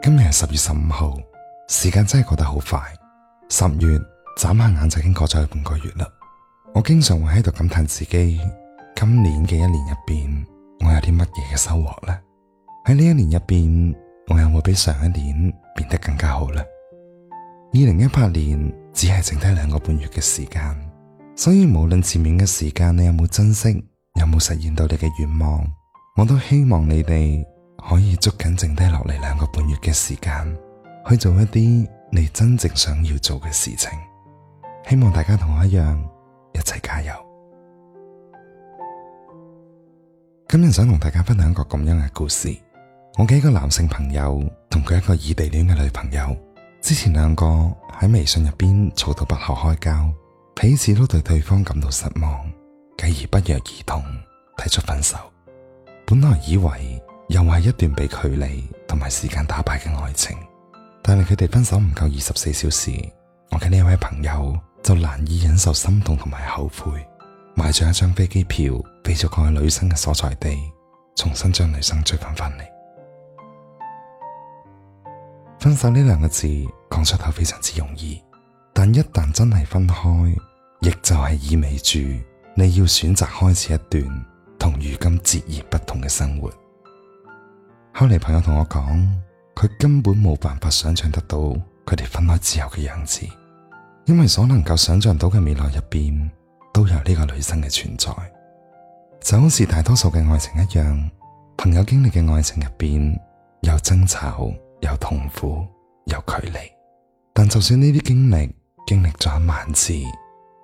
今日係十月十五號，時間真係過得好快，十月眨下眼就已經過咗去半個月啦。我經常會喺度感嘆自己，今年嘅一年入邊，我有啲乜嘢嘅收穫呢？喺呢一年入邊，我有冇比上一年變得更加好呢？二零一八年只係剩低兩個半月嘅時間，所以無論前面嘅時間你有冇珍惜，有冇實現到你嘅願望，我都希望你哋。可以捉緊剩低落嚟兩個半月嘅時間，去做一啲你真正想要做嘅事情。希望大家同我一樣，一齊加油。今日想同大家分享一個咁樣嘅故事。我嘅一個男性朋友同佢一個異地戀嘅女朋友，之前兩個喺微信入邊吵到不可開交，彼此都對對方感到失望，繼而不約而同提出分手。本來以為，又係一段被距離同埋時間打敗嘅愛情，但係佢哋分手唔夠二十四小時，我嘅呢位朋友就難以忍受心痛同埋後悔，買咗一張飛機票飛咗過去女生嘅所在地，重新將女生追返翻嚟。分手呢兩個字講出口非常之容易，但一旦真係分開，亦就係意味住你要選擇開始一段同如今截然不同嘅生活。後嚟朋友同我講，佢根本冇辦法想象得到佢哋分開之後嘅樣子，因為所能夠想象到嘅未來入邊都有呢個女生嘅存在，就好似大多數嘅愛情一樣。朋友經歷嘅愛情入邊有爭吵，有痛苦，有距離，但就算呢啲經歷經歷咗一萬次，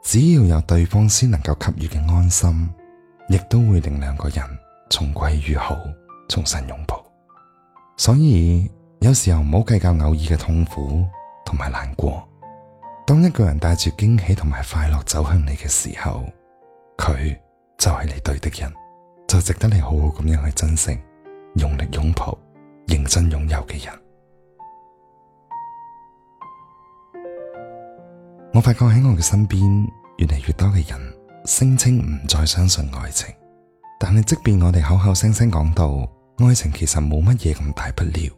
只要有對方先能夠給予嘅安心，亦都會令兩個人重歸於好，重新擁抱。所以，有時候唔好計較偶爾嘅痛苦同埋難過。當一個人帶住驚喜同埋快樂走向你嘅時候，佢就係你對的人，就值得你好好咁樣去珍惜、用力擁抱、認真擁有嘅人。我發覺喺我嘅身邊越嚟越多嘅人聲稱唔再相信愛情，但係即便我哋口口聲聲講到，愛情其實冇乜嘢咁大不了，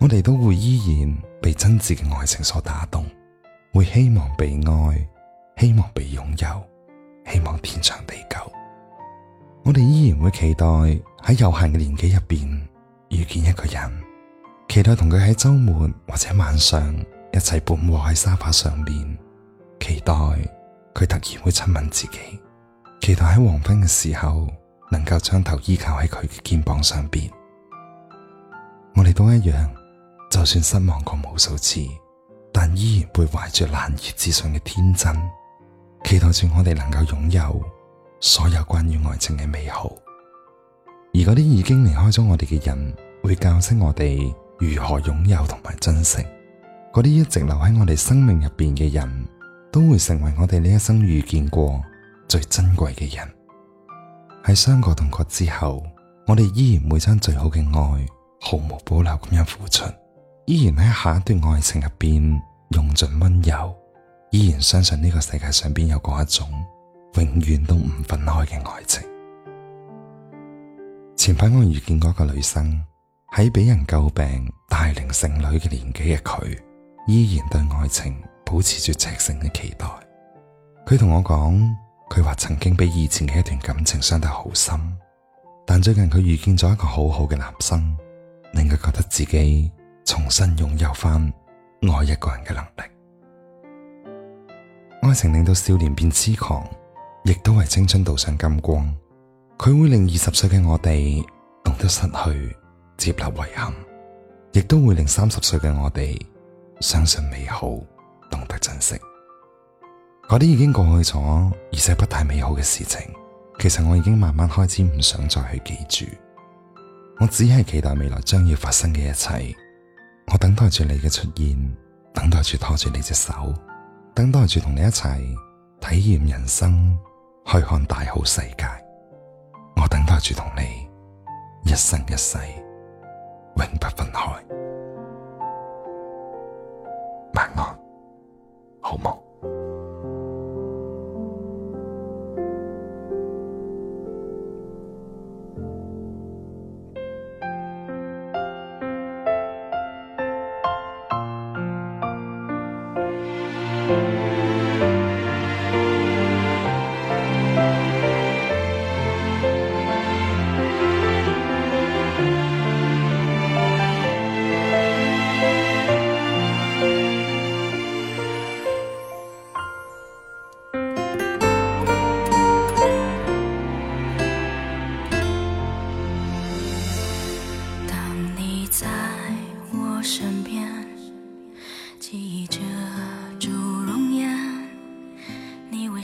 我哋都會依然被真摯嘅愛情所打動，會希望被愛，希望被擁有，希望天長地久。我哋依然會期待喺有限嘅年紀入邊遇見一個人，期待同佢喺周末或者晚上一齊伴和喺沙發上面，期待佢突然會親吻自己，期待喺黃昏嘅時候。能夠將頭依靠喺佢嘅肩膀上邊，我哋都一樣，就算失望過無數次，但依然會懷住難以置信嘅天真，期待住我哋能夠擁有所有關於愛情嘅美好。而嗰啲已經離開咗我哋嘅人，會教識我哋如何擁有同埋珍惜。嗰啲一直留喺我哋生命入邊嘅人，都會成為我哋呢一生遇見過最珍貴嘅人。喺傷過痛過之後，我哋依然會將最好嘅愛毫無保留咁樣付出，依然喺下一段愛情入邊用盡溫柔，依然相信呢個世界上邊有嗰一種永遠都唔分開嘅愛情。前排我遇見過一個女生，喺俾人詬病大齡剩女嘅年紀嘅佢，依然對愛情保持住赤誠嘅期待。佢同我講。佢話曾經俾以前嘅一段感情傷得好深，但最近佢遇見咗一個好好嘅男生，令佢覺得自己重新擁有翻愛一個人嘅能力。愛情令到少年變痴狂，亦都為青春鍍上金光。佢會令二十歲嘅我哋懂得失去、接納遺憾，亦都會令三十歲嘅我哋相信美好、懂得珍惜。嗰啲已經過去咗，而且不太美好嘅事情，其實我已經慢慢開始唔想再去記住。我只係期待未來將要發生嘅一切，我等待住你嘅出現，等待住拖住你隻手，等待住同你一齊體驗人生，去看大好世界。我等待住同你一生一世，永不分開。晚安，好夢。